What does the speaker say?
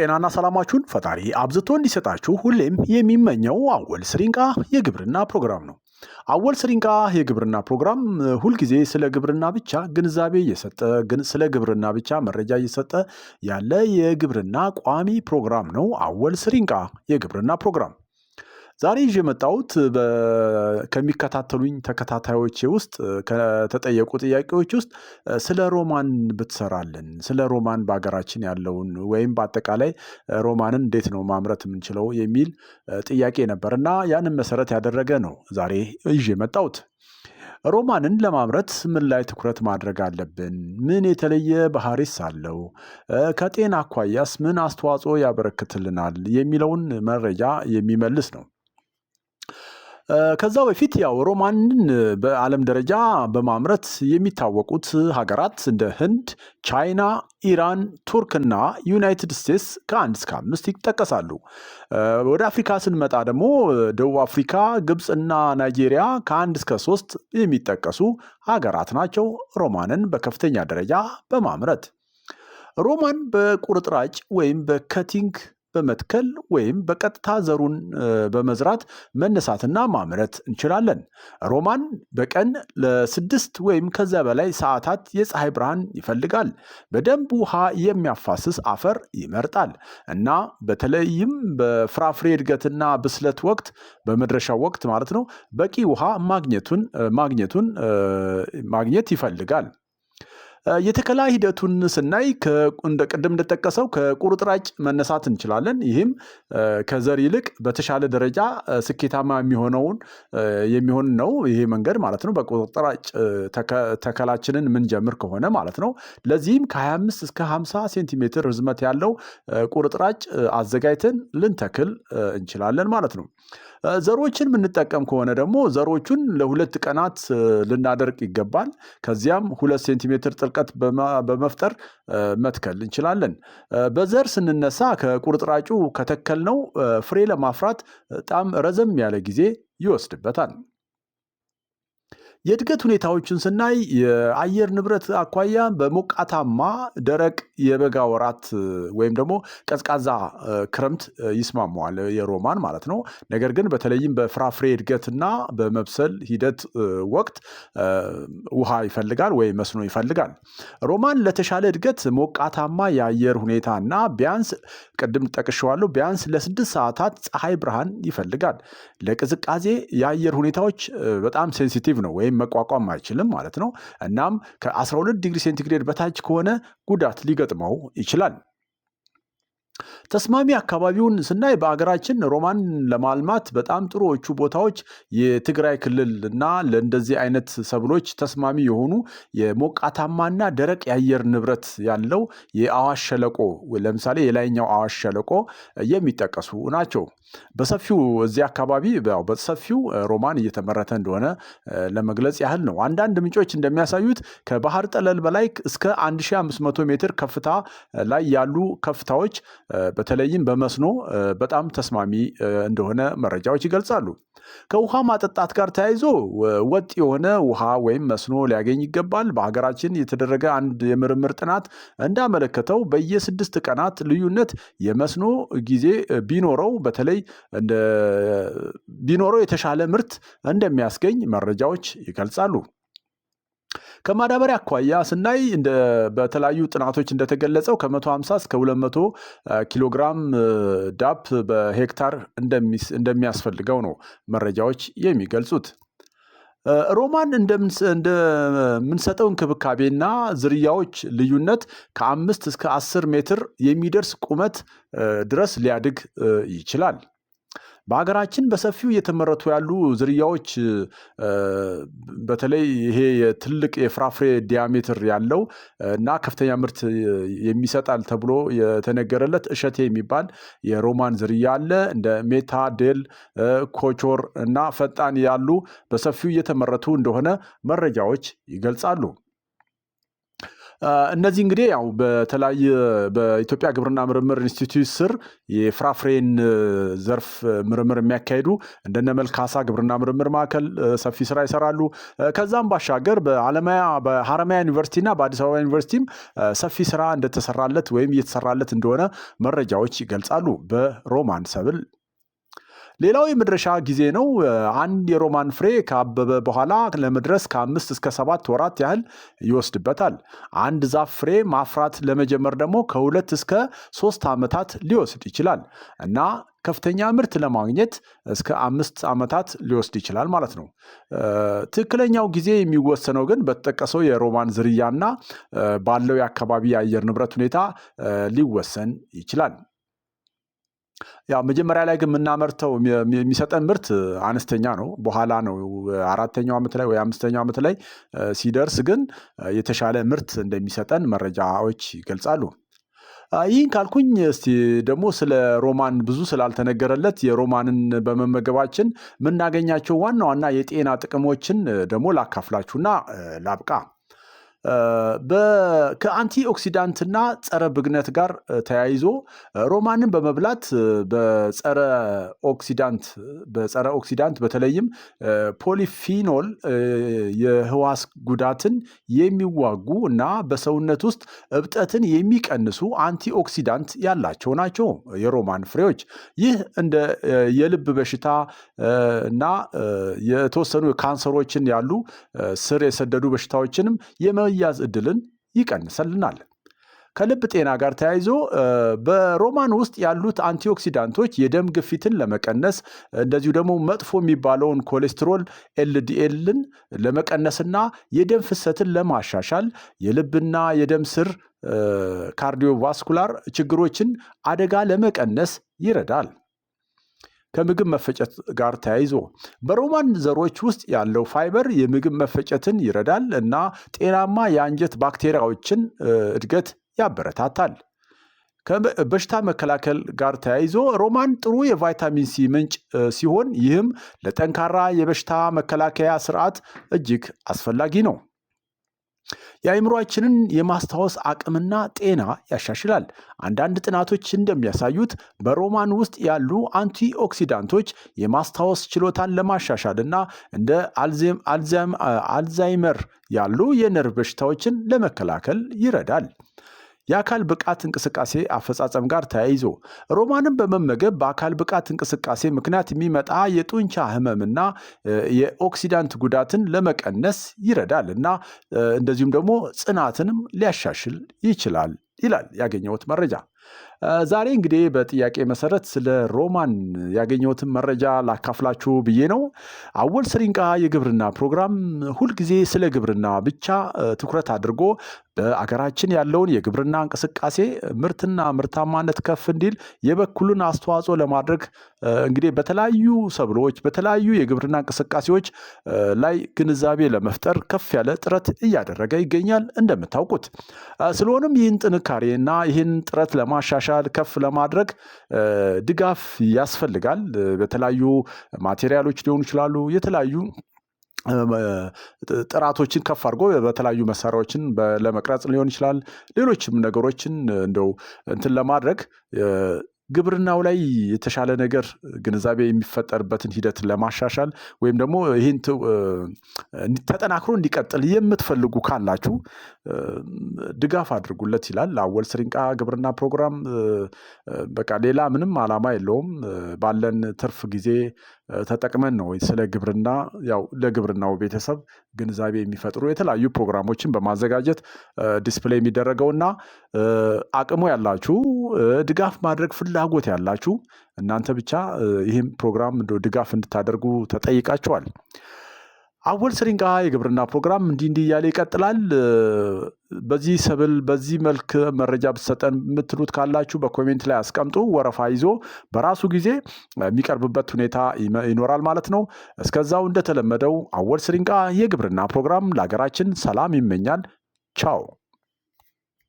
ጤናና ሰላማችሁን ፈጣሪ አብዝቶ እንዲሰጣችሁ ሁሌም የሚመኘው አወል ስሪንቃ የግብርና ፕሮግራም ነው። አወል ስሪንቃ የግብርና ፕሮግራም ሁልጊዜ ስለ ግብርና ብቻ ግንዛቤ እየሰጠ ግን ስለ ግብርና ብቻ መረጃ እየሰጠ ያለ የግብርና ቋሚ ፕሮግራም ነው። አወል ስሪንቃ የግብርና ፕሮግራም ዛሬ ይዤ የመጣሁት ከሚከታተሉኝ ተከታታዮች ውስጥ ከተጠየቁ ጥያቄዎች ውስጥ ስለ ሮማን ብትሰራልን፣ ስለ ሮማን በሀገራችን ያለውን ወይም በአጠቃላይ ሮማንን እንዴት ነው ማምረት የምንችለው የሚል ጥያቄ ነበር እና ያንን መሰረት ያደረገ ነው ዛሬ ይዤ የመጣሁት። ሮማንን ለማምረት ምን ላይ ትኩረት ማድረግ አለብን? ምን የተለየ ባህሪስ አለው? ከጤና አኳያስ ምን አስተዋጽኦ ያበረክትልናል? የሚለውን መረጃ የሚመልስ ነው። ከዛ በፊት ያው ሮማንን በዓለም ደረጃ በማምረት የሚታወቁት ሀገራት እንደ ህንድ፣ ቻይና፣ ኢራን፣ እና ዩናይትድ ስቴትስ ከአንድ እስከ አምስት ይጠቀሳሉ። ወደ አፍሪካ ስንመጣ ደግሞ ደቡብ አፍሪካ፣ ግብፅና ናይጄሪያ ከአንድ እስከ ሶስት የሚጠቀሱ ሀገራት ናቸው ሮማንን በከፍተኛ ደረጃ በማምረት። ሮማን በቁርጥራጭ ወይም በከቲንግ በመትከል ወይም በቀጥታ ዘሩን በመዝራት መነሳትና ማምረት እንችላለን። ሮማን በቀን ለስድስት ወይም ከዚያ በላይ ሰዓታት የፀሐይ ብርሃን ይፈልጋል። በደንብ ውሃ የሚያፋስስ አፈር ይመርጣል እና በተለይም በፍራፍሬ እድገትና ብስለት ወቅት በመድረሻው ወቅት ማለት ነው በቂ ውሃ ማግኘቱን ማግኘት ይፈልጋል። የተከላ ሂደቱን ስናይ ቅድም እንደጠቀሰው ከቁርጥራጭ መነሳት እንችላለን። ይህም ከዘር ይልቅ በተሻለ ደረጃ ስኬታማ የሚሆነውን የሚሆን ነው ይሄ መንገድ ማለት ነው። በቁርጥራጭ ተከላችንን ምንጀምር ከሆነ ማለት ነው። ለዚህም ከ25 እስከ 50 ሴንቲሜትር ርዝመት ያለው ቁርጥራጭ አዘጋጅተን ልንተክል እንችላለን ማለት ነው። ዘሮችን የምንጠቀም ከሆነ ደግሞ ዘሮቹን ለሁለት ቀናት ልናደርቅ ይገባል። ከዚያም ሁለት ሴንቲሜትር ርቀት በመፍጠር መትከል እንችላለን። በዘር ስንነሳ ከቁርጥራጩ ከተከልነው ፍሬ ለማፍራት በጣም ረዘም ያለ ጊዜ ይወስድበታል። የእድገት ሁኔታዎችን ስናይ የአየር ንብረት አኳያ በሞቃታማ ደረቅ የበጋ ወራት ወይም ደግሞ ቀዝቃዛ ክረምት ይስማመዋል የሮማን ማለት ነው። ነገር ግን በተለይም በፍራፍሬ እድገትና በመብሰል ሂደት ወቅት ውሃ ይፈልጋል ወይ መስኖ ይፈልጋል። ሮማን ለተሻለ እድገት ሞቃታማ የአየር ሁኔታና ቢያንስ ቅድም ጠቅሼዋለሁ ቢያንስ ለስድስት ሰዓታት ፀሐይ ብርሃን ይፈልጋል። ለቅዝቃዜ የአየር ሁኔታዎች በጣም ሴንሲቲቭ ነው ወይም መቋቋም አይችልም ማለት ነው። እናም ከ12 ዲግሪ ሴንቲግሬድ በታች ከሆነ ጉዳት ሊገጥ ሊገጥመው ይችላል። ተስማሚ አካባቢውን ስናይ በሀገራችን ሮማን ለማልማት በጣም ጥሩዎቹ ቦታዎች የትግራይ ክልል እና ለእንደዚህ አይነት ሰብሎች ተስማሚ የሆኑ የሞቃታማና ደረቅ የአየር ንብረት ያለው የአዋሽ ሸለቆ ለምሳሌ የላይኛው አዋሽ ሸለቆ የሚጠቀሱ ናቸው። በሰፊው እዚህ አካባቢ በሰፊው ሮማን እየተመረተ እንደሆነ ለመግለጽ ያህል ነው። አንዳንድ ምንጮች እንደሚያሳዩት ከባህር ጠለል በላይ እስከ 1500 ሜትር ከፍታ ላይ ያሉ ከፍታዎች በተለይም በመስኖ በጣም ተስማሚ እንደሆነ መረጃዎች ይገልጻሉ። ከውሃ ማጠጣት ጋር ተያይዞ ወጥ የሆነ ውሃ ወይም መስኖ ሊያገኝ ይገባል። በሀገራችን የተደረገ አንድ የምርምር ጥናት እንዳመለከተው በየስድስት ቀናት ልዩነት የመስኖ ጊዜ ቢኖረው በተለይ ቢኖረው የተሻለ ምርት እንደሚያስገኝ መረጃዎች ይገልጻሉ። ከማዳበሪያ አኳያ ስናይ በተለያዩ ጥናቶች እንደተገለጸው ከ150 እስከ 200 ኪሎግራም ዳፕ በሄክታር እንደሚያስፈልገው ነው መረጃዎች የሚገልጹት። ሮማን እንደምንሰጠው እንክብካቤና ዝርያዎች ልዩነት ከአምስት እስከ አስር ሜትር የሚደርስ ቁመት ድረስ ሊያድግ ይችላል። በሀገራችን በሰፊው እየተመረቱ ያሉ ዝርያዎች በተለይ ይሄ ትልቅ የፍራፍሬ ዲያሜትር ያለው እና ከፍተኛ ምርት የሚሰጣል ተብሎ የተነገረለት እሸቴ የሚባል የሮማን ዝርያ አለ። እንደ ሜታ ዴል፣ ኮቾር እና ፈጣን ያሉ በሰፊው እየተመረቱ እንደሆነ መረጃዎች ይገልጻሉ። እነዚህ እንግዲህ ያው በተለያየ በኢትዮጵያ ግብርና ምርምር ኢንስቲትዩት ስር የፍራፍሬን ዘርፍ ምርምር የሚያካሂዱ እንደነ መልካሳ ግብርና ምርምር ማዕከል ሰፊ ስራ ይሰራሉ። ከዛም ባሻገር በሀረማያ ዩኒቨርሲቲና በአዲስ አበባ ዩኒቨርሲቲም ሰፊ ስራ እንደተሰራለት ወይም እየተሰራለት እንደሆነ መረጃዎች ይገልጻሉ። በሮማን ሰብል ሌላው የመድረሻ ጊዜ ነው። አንድ የሮማን ፍሬ ካበበ በኋላ ለመድረስ ከአምስት እስከ ሰባት ወራት ያህል ይወስድበታል። አንድ ዛፍ ፍሬ ማፍራት ለመጀመር ደግሞ ከሁለት እስከ ሶስት ዓመታት ሊወስድ ይችላል እና ከፍተኛ ምርት ለማግኘት እስከ አምስት ዓመታት ሊወስድ ይችላል ማለት ነው። ትክክለኛው ጊዜ የሚወሰነው ግን በተጠቀሰው የሮማን ዝርያና ባለው የአካባቢ የአየር ንብረት ሁኔታ ሊወሰን ይችላል። ያው መጀመሪያ ላይ ግን የምናመርተው የሚሰጠን ምርት አነስተኛ ነው። በኋላ ነው አራተኛው ዓመት ላይ ወይ አምስተኛው ዓመት ላይ ሲደርስ ግን የተሻለ ምርት እንደሚሰጠን መረጃዎች ይገልጻሉ። ይህን ካልኩኝ እስቲ ደግሞ ስለ ሮማን ብዙ ስላልተነገረለት የሮማንን በመመገባችን የምናገኛቸው ዋና ዋና የጤና ጥቅሞችን ደግሞ ላካፍላችሁና ላብቃ። ከአንቲ ኦክሲዳንትና ጸረ ብግነት ጋር ተያይዞ ሮማንን በመብላት በጸረ ኦክሲዳንት በጸረ ኦክሲዳንት በተለይም ፖሊፊኖል የህዋስ ጉዳትን የሚዋጉ እና በሰውነት ውስጥ እብጠትን የሚቀንሱ አንቲ ኦክሲዳንት ያላቸው ናቸው የሮማን ፍሬዎች። ይህ እንደ የልብ በሽታ እና የተወሰኑ ካንሰሮችን ያሉ ስር የሰደዱ በሽታዎችንም የመያዝ እድልን ይቀንሰልናል። ከልብ ጤና ጋር ተያይዞ በሮማን ውስጥ ያሉት አንቲኦክሲዳንቶች የደም ግፊትን ለመቀነስ እንደዚሁ ደግሞ መጥፎ የሚባለውን ኮሌስትሮል ኤልዲኤልን ለመቀነስና የደም ፍሰትን ለማሻሻል የልብና የደም ስር ካርዲዮቫስኩላር ችግሮችን አደጋ ለመቀነስ ይረዳል። ከምግብ መፈጨት ጋር ተያይዞ በሮማን ዘሮች ውስጥ ያለው ፋይበር የምግብ መፈጨትን ይረዳል እና ጤናማ የአንጀት ባክቴሪያዎችን እድገት ያበረታታል። ከበሽታ መከላከል ጋር ተያይዞ ሮማን ጥሩ የቫይታሚን ሲ ምንጭ ሲሆን ይህም ለጠንካራ የበሽታ መከላከያ ስርዓት እጅግ አስፈላጊ ነው። የአእምሯችንን የማስታወስ አቅምና ጤና ያሻሽላል። አንዳንድ ጥናቶች እንደሚያሳዩት በሮማን ውስጥ ያሉ አንቲኦክሲዳንቶች የማስታወስ ችሎታን ለማሻሻል እና እንደ አልዛይመር ያሉ የነርቭ በሽታዎችን ለመከላከል ይረዳል። የአካል ብቃት እንቅስቃሴ አፈጻጸም ጋር ተያይዞ ሮማንን በመመገብ በአካል ብቃት እንቅስቃሴ ምክንያት የሚመጣ የጡንቻ ህመምና የኦክሲዳንት ጉዳትን ለመቀነስ ይረዳል እና እንደዚሁም ደግሞ ጽናትንም ሊያሻሽል ይችላል ይላል ያገኘሁት መረጃ። ዛሬ እንግዲህ በጥያቄ መሰረት ስለ ሮማን ያገኘሁትን መረጃ ላካፍላችሁ ብዬ ነው። አወል ስሪንቃ የግብርና ፕሮግራም ሁልጊዜ ስለ ግብርና ብቻ ትኩረት አድርጎ በአገራችን ያለውን የግብርና እንቅስቃሴ ምርትና ምርታማነት ከፍ እንዲል የበኩሉን አስተዋጽኦ ለማድረግ እንግዲህ በተለያዩ ሰብሎች በተለያዩ የግብርና እንቅስቃሴዎች ላይ ግንዛቤ ለመፍጠር ከፍ ያለ ጥረት እያደረገ ይገኛል እንደምታውቁት። ስለሆነም ይህን ጥንካሬና ይህን ጥረት ለማሻሻል ፖቴንሻል ከፍ ለማድረግ ድጋፍ ያስፈልጋል። በተለያዩ ማቴሪያሎች ሊሆኑ ይችላሉ። የተለያዩ ጥራቶችን ከፍ አድርጎ በተለያዩ መሳሪያዎችን ለመቅረጽ ሊሆን ይችላል። ሌሎችም ነገሮችን እንደው እንትን ለማድረግ ግብርናው ላይ የተሻለ ነገር ግንዛቤ የሚፈጠርበትን ሂደት ለማሻሻል ወይም ደግሞ ይህን ተጠናክሮ እንዲቀጥል የምትፈልጉ ካላችሁ ድጋፍ አድርጉለት ይላል። አወል ስሪንቃ ግብርና ፕሮግራም በቃ ሌላ ምንም አላማ የለውም። ባለን ትርፍ ጊዜ ተጠቅመን ነው ስለ ግብርና ያው ለግብርናው ቤተሰብ ግንዛቤ የሚፈጥሩ የተለያዩ ፕሮግራሞችን በማዘጋጀት ዲስፕሌይ የሚደረገውና አቅሙ ያላችሁ ድጋፍ ማድረግ ፍላጎት ያላችሁ እናንተ ብቻ ይህም ፕሮግራም ድጋፍ እንድታደርጉ ተጠይቃችኋል። አወል ስሪንቃ የግብርና ፕሮግራም እንዲህ እንዲህ እያለ ይቀጥላል። በዚህ ሰብል በዚህ መልክ መረጃ ብትሰጠን የምትሉት ካላችሁ በኮሜንት ላይ አስቀምጡ። ወረፋ ይዞ በራሱ ጊዜ የሚቀርብበት ሁኔታ ይኖራል ማለት ነው። እስከዛው እንደተለመደው አወል ስሪንቃ የግብርና ፕሮግራም ለሀገራችን ሰላም ይመኛል። ቻው